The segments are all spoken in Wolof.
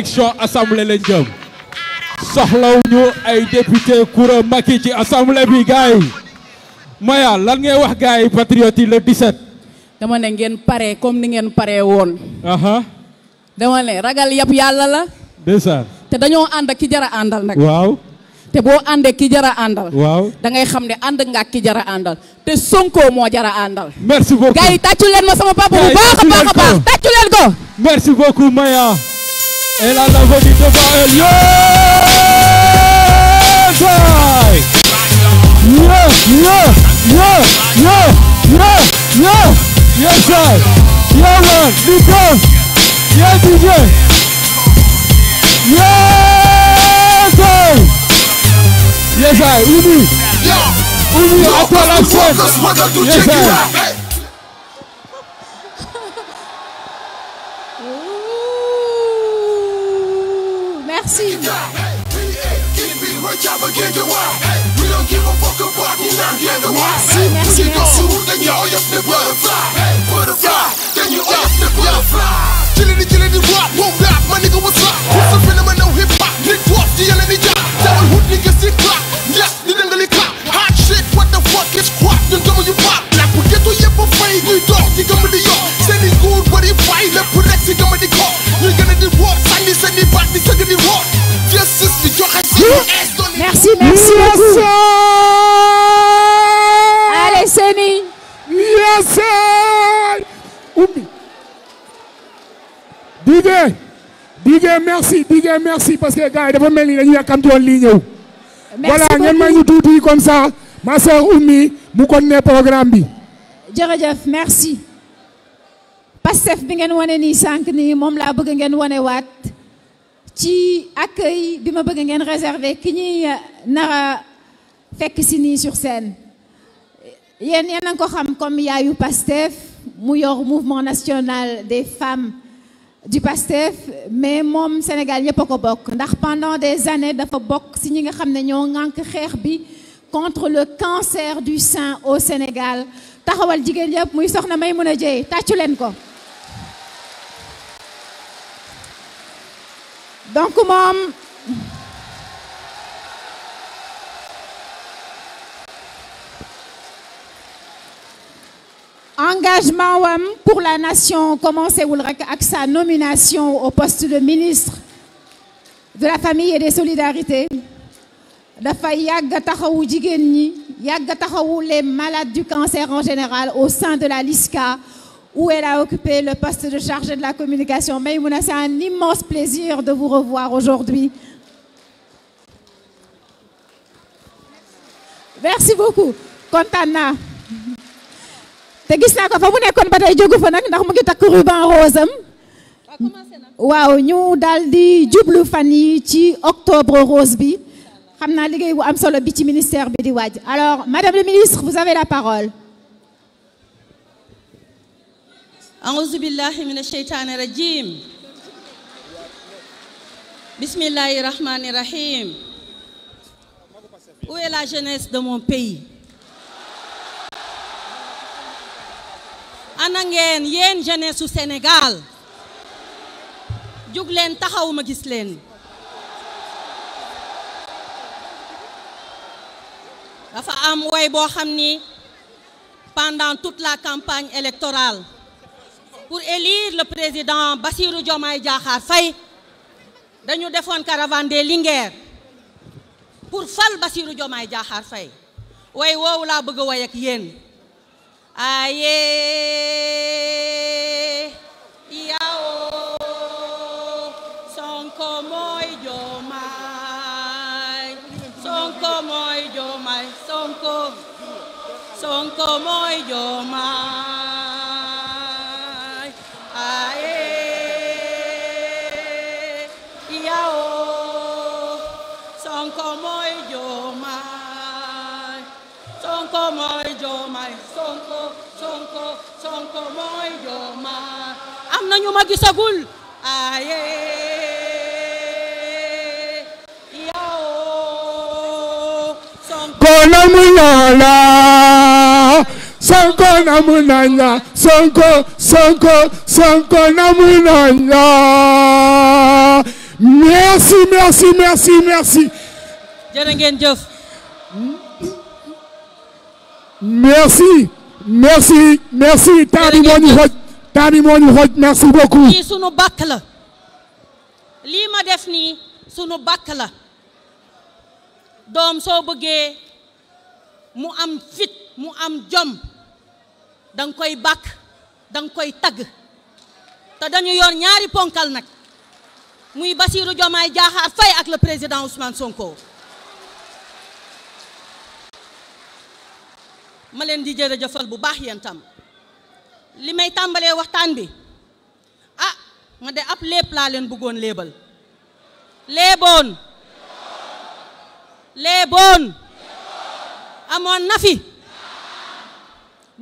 élection assemblée lañ jëm soxlawuñu ay député Coura Macky ci assemblée bi gars yi Maya lan ngay wax le 17. dama ne ngeen pare comme ni ngeen pare woon. dama ne ragal yab yàlla la. te dañoo ànd ki jara àndal nag. waaw te boo àndee ki jara àndal. waaw da xam ne ànd nga ak ki jara àndal te Sonko moo jara àndal. merci beaucoup ma sama baax a baax a baax tàccu ko. merci beaucoup Maya. Elle a la volée devant elle. Yo! Yo! Yo! Yo! Yo! Yo! Yes, sir. Yeah, man. Because. Yeah, DJ. Yes, sir. Yes, sir. Ubi. Ubi, after that Yes, sir. Merci, merci, merci. Put it down, put it down, you flip, fly. ubbi DJ DJ merci DJ merci parce que gars yi dafa mel ni dañu yàkkamti woon lii ñëw voilà ngeen may ñu tuuti comme ça ma sœur Oumy mu continuer programme bi jërëjëf merci Pastef bi ngeen wane nii sànq nii moom laa bëgg ngeen wane waat ci accueil bi ma bëgg ngeen réserver ki ñuy euh, nara fekk si nii sur scène yéen yéen ko xam comme yaayu Pastef mu yor mouvement national des femmes du PASTEF mais moom Sénégal yëpp a ko bokk ndax pendant des années dafa bokk si ñi nga xam ne ñoo ŋànk xeex bi contre le cancer du sein au Sénégal taxawal jigéen yëpp muy soxna Maimouna Dieye tàccu leen ko donc moom engagement wam pour la nation commencé wul rekk ak sa nomination au poste de ministre de la famille et des solidarités dafa yàgg taxawu jigéen ñi yàgg taxawu les malades du cancer en général au sein de la LISCA où elle a occupé le poste de chargée de la communication Maïmouna c'est un immense plaisir de vous revoir aujourd'hui merci beaucoup kontaan naa te gis naa ko fa mu nekkoon ba tey jógu fa nag ndax mu ngi takk ruban rose am ah, waaw ñu daal di jublu fan yi ci octobre rose bi xam naa liggéey bu am solo bi ci ministère bi di waaj alors madame le ministre vous avez la parole aouzu billahi min asheytaani rajim bismillahi rahmani rahim où la jeunesse de mon pays ana ngeen yéen jeunesse su Sénégal jug taxawuma gis leen dafa am way boo xam ni pendant toute la campagne électorale pour élire le président Bassirou Diomaye Diakhar Faye dañu defoon caravane des Linguères pour fal Bassirou Diomaye Diakhar Faye way woowu laa bëgg a ak yéen am na ñu ma gisagul aye yow Sonko la mu ñoola Sonko namunanya Sonko Sonko Sonko namunanya merci merci merci jërë ngeen jëf. merci. merci merci moo ñu xooj temps moo ñu xooj merci beaucoup. lii sunu bàkk la lii ma def nii sunu bàkk la doom soo bëggee mu am fit mu am jom. danga koy bàkk danga koy tagg te dañu yor ñaari ponkal nag muy Bassirou Diomaye Diakhar Faye ak la président Ousmane Sonko. ma leen di jëfal bu baax yéen tam li may tàmbalee waxtaan bi ah ma de ab lépp laa leen bëggoon léebal léeboon léeboon amoon na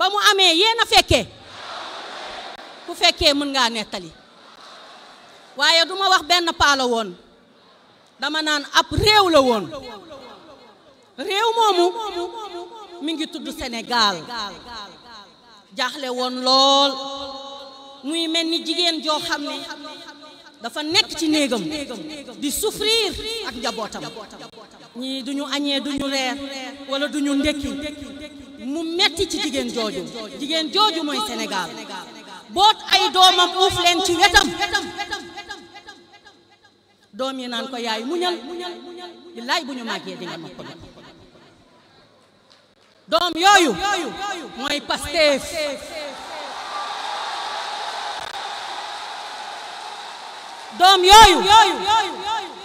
ba mu amee yéen a fekkee ku fekkee mën ngaa nettali waaye duma wax benn paa woon dama naan ab réew la woon réew moomu mi ngi tudd Sénégal jaaxle woon lool muy mel ni jigéen joo xam ne dafa nekk ci néegam di souffrir ak njabootam ñii duñu añee duñu reer wala duñu ndekki mu metti ci jigéen jooju jigéen jooju mooy Sénégal boot ay doomam uuf leen ci wetam doom yi naan ko yaay muñal billaay bu ñu màggee di nga nopp doom yooyu mooy Pastef doom yooyu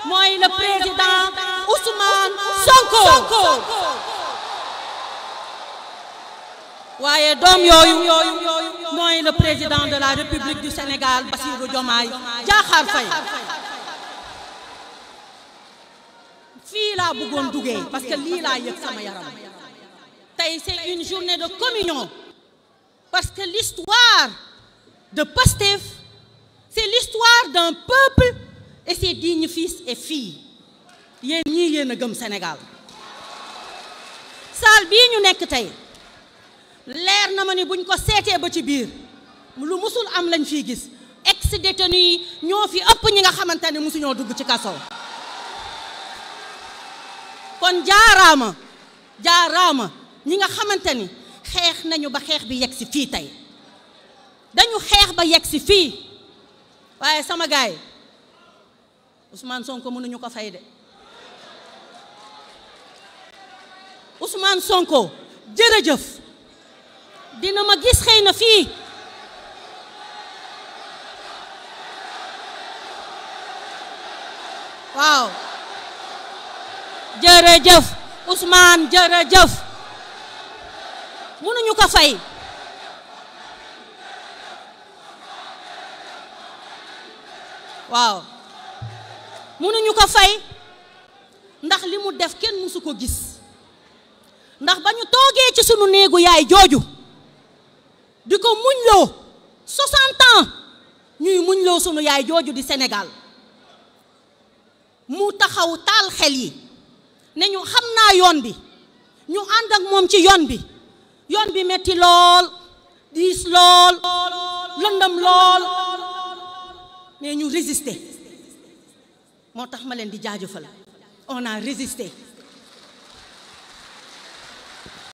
mooy le président Ousmane Sonko waaye doom yooyu mooy le président de la république du Sénégal Bassirou Diomaye Diakhar Faye fii laa bëggoon duggee parce que lii laa yëg sama yaram tey c'est une journée de communion parce que l'histoire de Pastef c'est l'histoire d'un peuple et ses dignes fils et filles yéen ñii yéen a gëm Sénégal salle bii ñu nekk tey leer na ma ni buñ ko seetee ba ci biir lu musul am lañ fi gis ex détenu ñoo fi ëpp ñi nga xamante ne musuñoo dugg ci kaso kon jaaraama jaaraama ñi nga xamante ni xeex nañu ba xeex bi yegg si fii tey dañu xeex ba yegg si fii waaye sama gaay Ousmane Sonko mënuñu ko fay de Ousmane Sonko jërëjëf dina ma gis xëy na fii waaw jërëjëf Ousmane jërëjëf mënuñu ko fay waaw mënuñu ko fay ndax li mu def kenn mësu ko gis ndax ba ñu toogee ci sunu néegu yaay jooju di ko muñloo 60 ans ñuy muñloo sunu yaay jooju di Sénégal mu taxaw taal xel yi ne ñu xam naa yoon bi ñu ànd ak moom ci yoon bi yoon bi metti lool diis lool lëndëm lool mais ñu résister moo tax ma leen di jaajëfal on a résisté